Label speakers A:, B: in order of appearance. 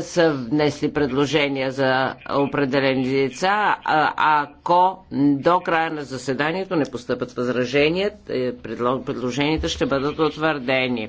A: са внесли предложения за определени лица. Ако до края на заседанието не постъпят възражения, е, предложенията ще
B: бъдат утвърдени.